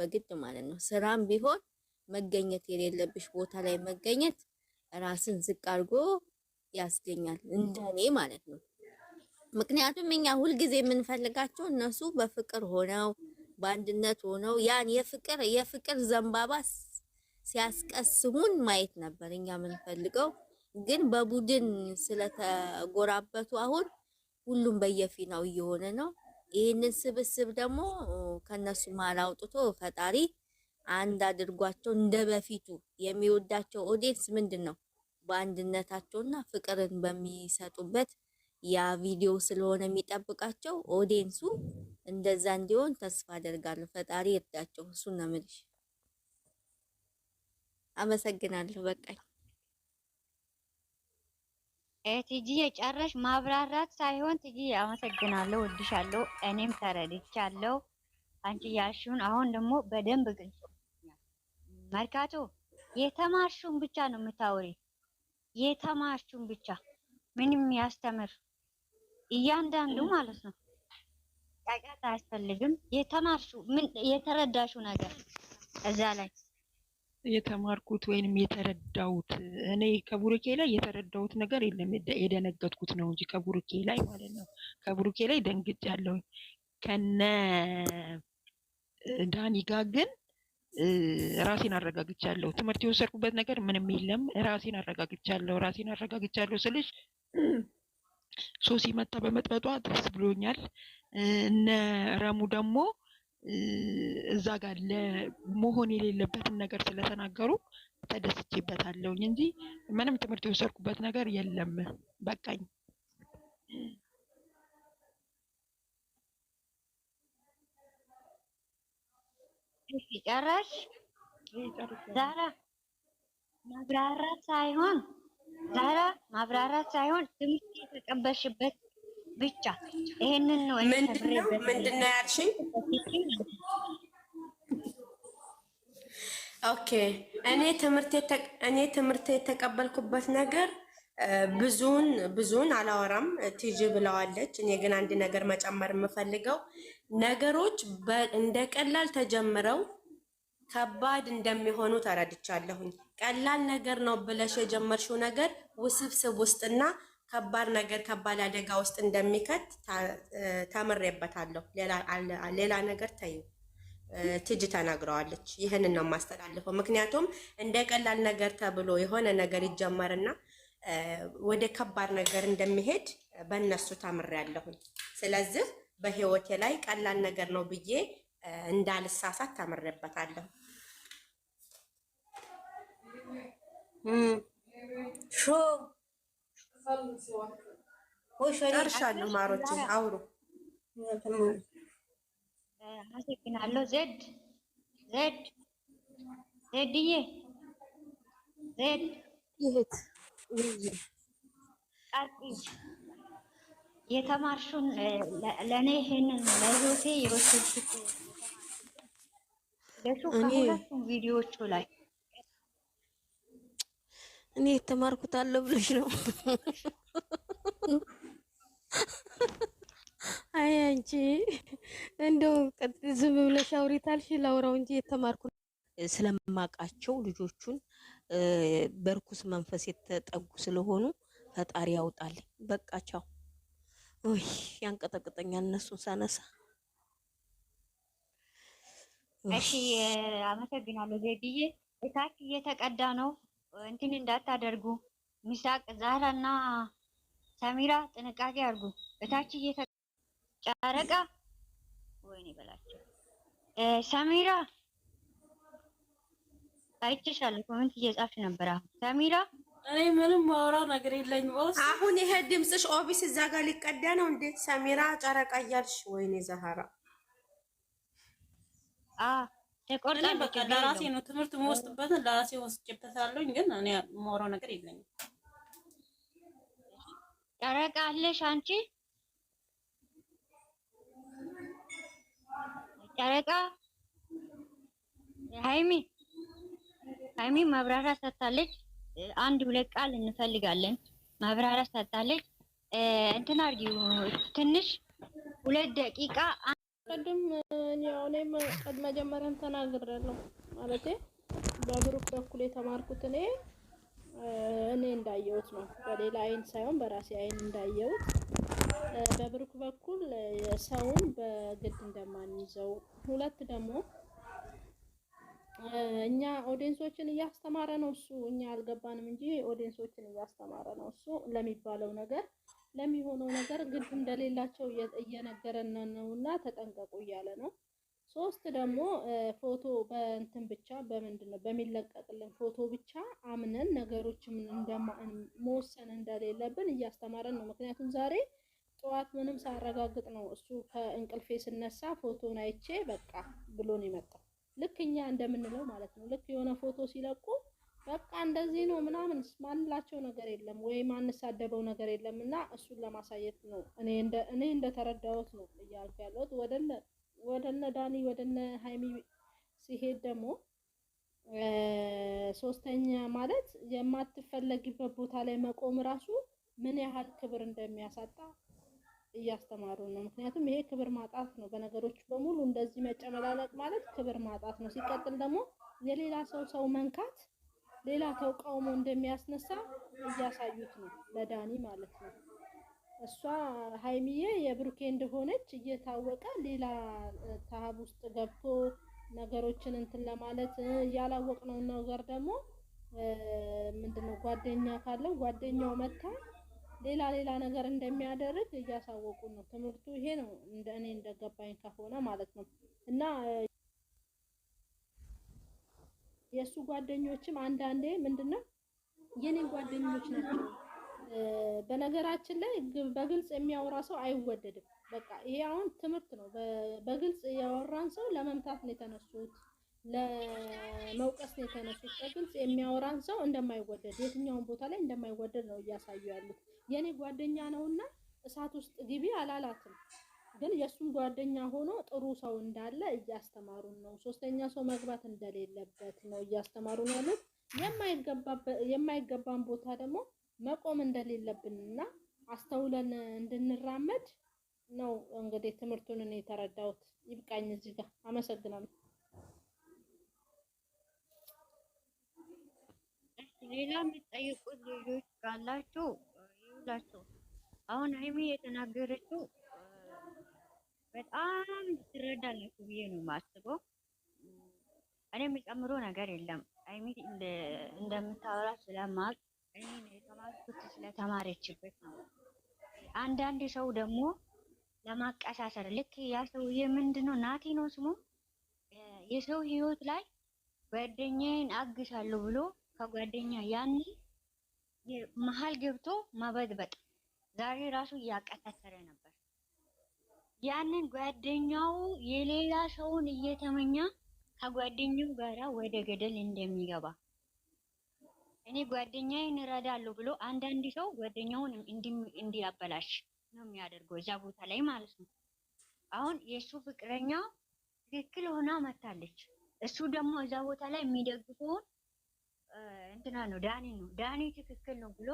በግድ ማለት ነው። ስራም ቢሆን መገኘት የሌለብሽ ቦታ ላይ መገኘት ራስን ዝቅ አድርጎ ያስገኛል፣ እንደኔ ማለት ነው። ምክንያቱም እኛ ሁልጊዜ የምንፈልጋቸው እነሱ በፍቅር ሆነው በአንድነት ሆነው ያን የፍቅር የፍቅር ዘንባባ ሲያስቀስሙን ማየት ነበር እኛ የምንፈልገው። ግን በቡድን ስለተጎራበቱ አሁን ሁሉም በየፊናው እየሆነ ነው። ይህንን ስብስብ ደግሞ ከነሱ ማል አውጥቶ ፈጣሪ አንድ አድርጓቸው እንደ በፊቱ የሚወዳቸው ኦዲየንስ ምንድን ነው በአንድነታቸውና ፍቅርን በሚሰጡበት ያ ቪዲዮ ስለሆነ የሚጠብቃቸው ኦዲየንሱ እንደዛ እንዲሆን ተስፋ አደርጋለሁ። ፈጣሪ እርዳቸው። እሱ ነው የምልሽ። አመሰግናለሁ። በቃኝ። ትጂዬ ጨረሽ ማብራራት ሳይሆን ቲጂ አመሰግናለሁ፣ ወድሻለሁ፣ እኔም ተረድቻለሁ። አንቺ ያልሽውን አሁን ደግሞ በደንብ ግልጽ መርካቶ የተማርሽውን ብቻ ነው የምታወሪ። የተማርሽውን ብቻ ምንም ያስተምር እያንዳንዱ ማለት ነው። ጫጫታ አያስፈልግም። የተማርሽው ምን የተረዳሽው ነገር እዛ ላይ የተማርኩት ወይንም የተረዳሁት እኔ ከቡሩኬ ላይ የተረዳሁት ነገር የለም። የደነገጥኩት ነው እንጂ ከቡሩኬ ላይ ማለት ነው። ከቡሩኬ ላይ ደንግጫለሁ። ከነ ዳኒ ጋ ግን ራሴን አረጋግቻለሁ። ትምህርት የወሰድኩበት ነገር ምንም የለም። ራሴን አረጋግቻለሁ። ራሴን አረጋግቻለሁ ስልሽ ሶሲ መታ በመጥበጧ ደስ ብሎኛል። እነ ረሙ ደግሞ እዛ ጋር ለመሆን የሌለበትን ነገር ስለተናገሩ ተደስቼበታለሁ እንጂ ምንም ትምህርት የወሰድኩበት ነገር የለም። በቃኝ። ጨረሽ? ዛራ ማብራራት ሳይሆን ዛራ ማብራራት ሳይሆን ትምህርት የተቀበልሽበት ብቻ ይሄንን ነው። ምንድነው ነው ያልሽኝ? ኦኬ እኔ ትምህርት የተቀበልኩበት ነገር ብዙን ብዙን አላወራም። ቲጂ ብለዋለች። እኔ ግን አንድ ነገር መጨመር የምፈልገው ነገሮች እንደ ቀላል ተጀምረው ከባድ እንደሚሆኑ ተረድቻለሁኝ። ቀላል ነገር ነው ብለሽ የጀመርሽው ነገር ውስብስብ ውስጥና ከባድ ነገር ከባድ አደጋ ውስጥ እንደሚከት ተምሬበታለሁ። ሌላ ነገር ተዩ ትጅ ተናግረዋለች። ይህንን ነው የማስተላልፈው። ምክንያቱም እንደ ቀላል ነገር ተብሎ የሆነ ነገር ይጀመርና ወደ ከባድ ነገር እንደሚሄድ በእነሱ ተምሬያለሁኝ። ስለዚህ በህይወቴ ላይ ቀላል ነገር ነው ብዬ እንዳልሳሳት ተምሬበታለሁ። ሾ ጨርሻለሁ። ማሮች አውሩ። አመሰግናለሁ። ዜድ ዜድ ዜድዬ ዜድ የተማርሹን ለእኔ ይሄንን ለህይወቴ ለሱ ከሁለቱም ቪዲዮዎቹ ላይ እኔ የተማርኩት አለ ብለሽ ነው። አይ አንቺ እንደው ዝም ብለሽ አውሪታልሽ ላውራው እንጂ የተማርኩ ስለማቃቸው ልጆቹን በርኩስ መንፈስ የተጠጉ ስለሆኑ ፈጣሪ ያውጣል። በቃ ቻው። ውይ ያንቀጠቅጠኛል እነሱን ሳነሳ። እሺ አመሰግናለሁ ዜድዬ። እታች እየተቀዳ ነው። እንትን እንዳታደርጉ ሚሳቅ ዛህራ እና ሰሚራ ጥንቃቄ አድርጉ። እታች እየተጨረቀ ወይኔ በላቸው። ሰሚራ አይቼሻለሁ፣ ኮሜንት እየጻፍሽ ነበር። አሁን ሰሚራ እኔ ምንም ማውራ ነገር የለኝ ቦስ። አሁን ይሄ ድምፅሽ ኦፊስ እዛ ጋር ሊቀዳ ነው እንዴ? ሰሚራ ጨረቃ እያልሽ ወይኔ ዛህራ ተቆርጠን በቃ ለራሴ ነው ትምህርት የምወስድበትን ለራሴ ወስጄበታለሁኝ። ግን እኔ ሞሮ ነገር የለኝም። ጨረቃ አለሽ አንቺ? ጨረቃ ሃይሚ ሃይሚ ማብራሪያ ሰጥታለች። አንድ ሁለት ቃል እንፈልጋለን። ማብራሪያ ሰጥታለች። እንትን አድርጊው ትንሽ ሁለት ደቂቃ ቅድም ያው እኔም መጀመሪያም ተናግሬያለሁ። ማለቴ በብሩክ በኩል የተማርኩት እኔ እኔ እንዳየሁት ነው፣ በሌላ አይን ሳይሆን በራሴ አይን እንዳየሁት በብሩክ በኩል ሰውን በግድ እንደማንይዘው፣ ሁለት ደግሞ እኛ ኦዲንሶችን እያስተማረ ነው እሱ። እኛ አልገባንም እንጂ ኦዲንሶችን እያስተማረ ነው እሱ ለሚባለው ነገር ለሚሆነው ነገር ግድ እንደሌላቸው እየነገረን ነው እና ተጠንቀቁ እያለ ነው። ሶስት ደግሞ ፎቶ በእንትን ብቻ በምንድን ነው በሚለቀቅልን ፎቶ ብቻ አምነን ነገሮችን መወሰን እንደሌለብን እያስተማረን ነው። ምክንያቱም ዛሬ ጠዋት ምንም ሳረጋግጥ ነው እሱ ከእንቅልፌ ስነሳ ፎቶን አይቼ በቃ ብሎን ይመጣው ልክ እኛ እንደምንለው ማለት ነው። ልክ የሆነ ፎቶ ሲለቁ በቃ እንደዚህ ነው ምናምን ማንላቸው ነገር የለም ወይ ማንሳደበው ነገር የለም። እና እሱን ለማሳየት ነው እኔ እንደተረዳሁት ነው እያልኩ ያለሁት። ወደነ ዳኒ ወደነ ሀይሚ ሲሄድ ደግሞ ሶስተኛ ማለት የማትፈለጊበት ቦታ ላይ መቆም ራሱ ምን ያህል ክብር እንደሚያሳጣ እያስተማሩ ነው። ምክንያቱም ይሄ ክብር ማጣት ነው። በነገሮች በሙሉ እንደዚህ መጨመላለቅ ማለት ክብር ማጣት ነው። ሲቀጥል ደግሞ የሌላ ሰው ሰው መንካት ሌላ ተቃውሞ እንደሚያስነሳ እያሳዩት ነው፣ ለዳኒ ማለት ነው። እሷ ሀይሚዬ የብሩኬ እንደሆነች እየታወቀ ሌላ ታሀብ ውስጥ ገብቶ ነገሮችን እንትን ለማለት ያላወቅነውን ነገር ደግሞ ምንድነው ጓደኛ ካለው ጓደኛው መታ ሌላ ሌላ ነገር እንደሚያደርግ እያሳወቁ ነው። ትምህርቱ ይሄ ነው፣ እንደ እኔ እንደገባኝ ከሆነ ማለት ነው እና የእሱ ጓደኞችም አንዳንዴ ምንድነው የኔን ጓደኞች ናቸው። በነገራችን ላይ በግልጽ የሚያወራ ሰው አይወደድም። በቃ ይሄ አሁን ትምህርት ነው። በግልጽ ያወራን ሰው ለመምታት ነው የተነሱት፣ ለመውቀስ ነው የተነሱት። በግልጽ የሚያወራን ሰው እንደማይወደድ የትኛውን ቦታ ላይ እንደማይወደድ ነው እያሳዩ ያሉት። የኔ ጓደኛ ነውና እሳት ውስጥ ግቢ አላላትም። ግን የእሱም ጓደኛ ሆኖ ጥሩ ሰው እንዳለ እያስተማሩን ነው። ሶስተኛ ሰው መግባት እንደሌለበት ነው እያስተማሩን ያሉት። የማይገባን ቦታ ደግሞ መቆም እንደሌለብንና አስተውለን እንድንራመድ ነው። እንግዲህ ትምህርቱን እኔ የተረዳሁት ይብቃኝ። እዚህ ጋር አመሰግናለሁ። ሌላ የምትጠይቁት ልጆች ካላችሁ ይውላችሁ። አሁን ሀይሚ የተናገረችው በጣም ትረዳላችሁ ብዬ ነው የማስበው። እኔ የሚጨምሮ ነገር የለም። አይሚ እንደምታወራ ስለማቅ እኔ የተማርኩት ስለተማረችበት ነው። አንዳንድ ሰው ደግሞ ለማቀሳሰር ልክ ያ ሰውዬ ምንድን ነው ናቲ ነው ስሙ የሰው ህይወት ላይ ጓደኛዬን አግሳለሁ ብሎ ከጓደኛ ያን መሀል ገብቶ ማበጥበጥ ዛሬ ራሱ እያቀሳሰረ ነበር። ያንን ጓደኛው የሌላ ሰውን እየተመኛ ከጓደኛው ጋራ ወደ ገደል እንደሚገባ እኔ ጓደኛዬን እረዳለሁ ብሎ አንዳንድ ሰው ጓደኛውን እንዲያበላሽ ነው የሚያደርገው እዛ ቦታ ላይ ማለት ነው። አሁን የእሱ ፍቅረኛ ትክክል ሆና መታለች። እሱ ደግሞ እዛ ቦታ ላይ የሚደግፈውን እንትና ነው ዳኒ ነው ዳኒ ትክክል ነው ብሎ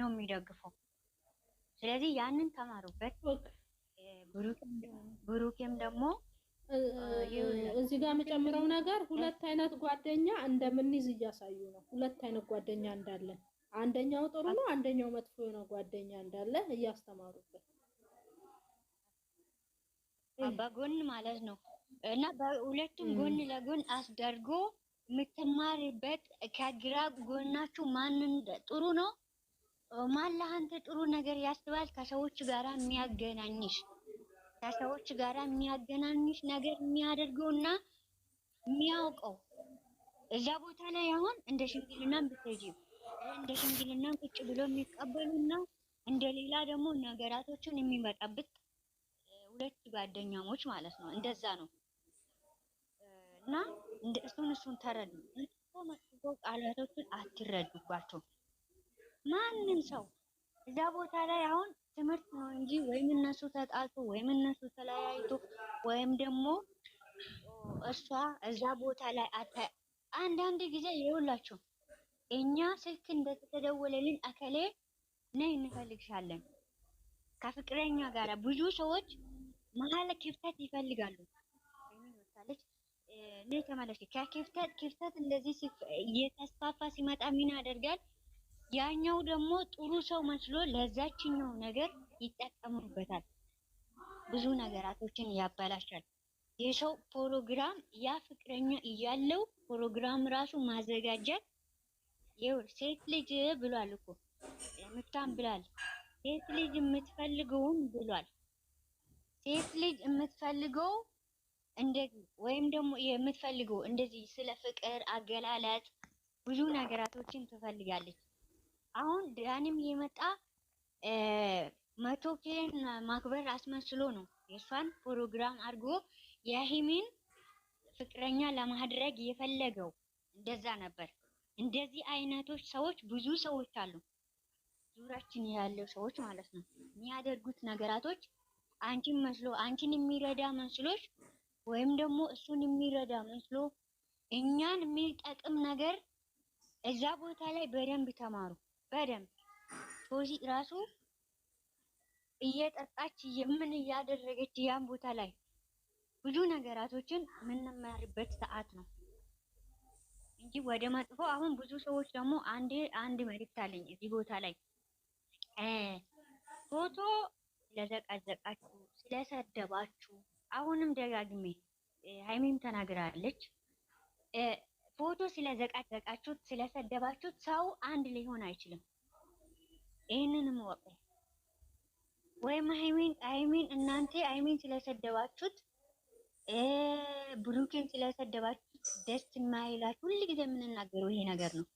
ነው የሚደግፈው። ስለዚህ ያንን ተማሩበት። ብሩኬም ደግሞ እዚህ ጋር የምጨምረው ነገር ሁለት አይነት ጓደኛ እንደምንይዝ እያሳዩ ነው። ሁለት አይነት ጓደኛ እንዳለን፣ አንደኛው ጥሩ ነው፣ አንደኛው መጥፎ የሆነ ጓደኛ እንዳለን እያስተማሩበት በጎን ማለት ነው እና በሁለቱም ጎን ለጎን አስደርጎ የምትማርበት ከግራ ጎናችሁ ማንን ጥሩ ነው ማን ለአንተ ጥሩ ነገር ያስባል ከሰዎች ጋር የሚያገናኝሽ ከሰዎች ጋር የሚያገናኝሽ ነገር የሚያደርገውና የሚያውቀው እዛ ቦታ ላይ አሁን እንደ ሽምግልና ብትሄጂ እንደ ሽምግልና ቁጭ ብሎ የሚቀበሉና እንደሌላ ደግሞ ነገራቶችን የሚመጣበት ሁለት ጓደኛሞች ማለት ነው። እንደዛ ነው እና እሱን እሱን ተረዱ። መጥፎ ቃላቶችን አትረዱባቸው። ማንም ሰው እዛ ቦታ ላይ አሁን ትምህርት ነው እንጂ ወይም እነሱ ተጣልቶ ወይም እነሱ ተለያይቶ ወይም ደግሞ እሷ እዛ ቦታ ላይ አታ አንዳንድ ጊዜ ይኸውላችሁ እኛ ስልክ እንደተደወለልን አከሌ ነይ እንፈልግሻለን ከፍቅረኛ ጋር ብዙ ሰዎች መሀል ክፍተት ይፈልጋሉ። ለምሳሌ እኔ ተመለስኩ ከክፍተት ክፍተት እንደዚህ እየተስፋፋ ሲመጣ ምን ያደርጋል? ያኛው ደግሞ ጥሩ ሰው መስሎ ለዛችኛው ነገር ይጠቀሙበታል። ብዙ ነገራቶችን ያበላሻል። የሰው ፕሮግራም ያ ፍቅረኛ እያለው ፕሮግራም ራሱ ማዘጋጀት ይው ሴት ልጅ ብሏል እኮ ምታም ብላል። ሴት ልጅ የምትፈልገውን ብሏል። ሴት ልጅ የምትፈልገው እንደዚህ ወይም ደግሞ የምትፈልገው እንደዚህ ስለ ፍቅር አገላለጽ ብዙ ነገራቶችን ትፈልጋለች። አሁን ዳኒም የመጣ መቶ ኬን ማክበር አስመስሎ ነው የእሷን ፕሮግራም አድርጎ የሂሚን ፍቅረኛ ለማድረግ የፈለገው እንደዛ ነበር። እንደዚህ አይነቶች ሰዎች ብዙ ሰዎች አሉ፣ ዙራችን ያለው ሰዎች ማለት ነው። የሚያደርጉት ነገራቶች አንቺን መስሎ አንቺን የሚረዳ መስሎች ወይም ደግሞ እሱን የሚረዳ መስሎ እኛን የሚጠቅም ነገር እዛ ቦታ ላይ በደንብ ተማሩ። በደንብ ሶሲ ራሱ እየጠጣች ምን እያደረገች ያን ቦታ ላይ ብዙ ነገራቶችን የምንማርበት ሰዓት ነው እንጂ ወደ መጥፎ አሁን ብዙ ሰዎች ደግሞ አንዴ አንድ መልእክት አለኝ እዚህ ቦታ ላይ ፎቶ ስለዘቀዘቃችሁ ስለሰደባችሁ አሁንም ደጋግሜ ሃይሜም ተናግራለች ፎቶ ስለዘቃዘቃችሁት ስለሰደባችሁት ሰው አንድ ሊሆን አይችልም። ይህንንም ወቅ ወይም አይሚን አይሚን እናንተ አይሚን ስለሰደባችሁት ብሩኬን ስለሰደባችሁት ደስ የማይላችሁ ሁልጊዜ የምንናገረው ይሄ ነገር ነው።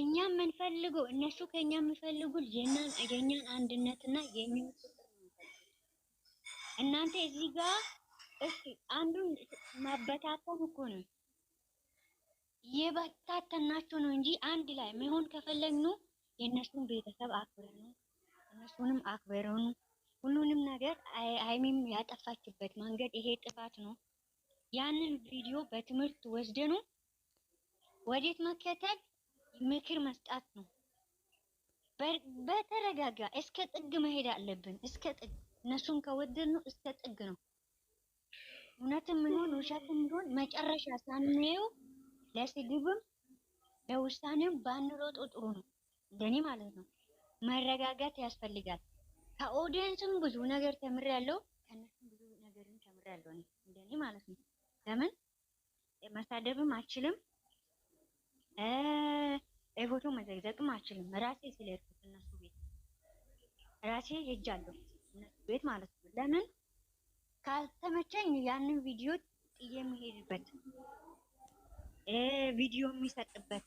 እኛ የምንፈልገው እነሱ ከኛ የምፈልጉት የኛን አንድነትና የኛን እናንተ እዚህ ጋር እስኪ አንዱን ማበታተን እኮ ነው። የበታተናቸው ነው እንጂ አንድ ላይ መሆን ከፈለግን የእነሱን ቤተሰብ አክብረኑ፣ እነሱንም አክብረኑ። ሁሉንም ነገር ሀይሚም ያጠፋችበት መንገድ ይሄ ጥፋት ነው። ያንን ቪዲዮ በትምህርት ወስደኑ ወዴት መከተል ምክር መስጣት ነው። በተረጋጋ እስከ ጥግ መሄድ አለብን። እስከ ጥግ እነሱን ከወደድነው እስከ ጥግ ነው። እውነትም ይሁን ውሸትም ይሁን መጨረሻ ሳናየው ለስድብም ለውሳኔም ባንሮጥ ጥሩ ነው፣ እንደኔ ማለት ነው። መረጋጋት ያስፈልጋል። ከኦዲየንስም ብዙ ነገር ተምሬያለሁ፣ ከእነሱም ብዙ ነገርን ተምሬያለሁ፣ እንደኔ ማለት ነው። ለምን መሳደብም አልችልም፣ ፎቶ መዘግዘቅም አልችልም። ራሴ ስለሄድኩት እነሱ ቤት ራሴ ሄጃለሁ፣ እነሱ ቤት ማለት ነው። ለምን ካልተመቸኝ ያንን ቪዲዮ ጥዬ የምሄድበት ቪዲዮ የሚሰጥበት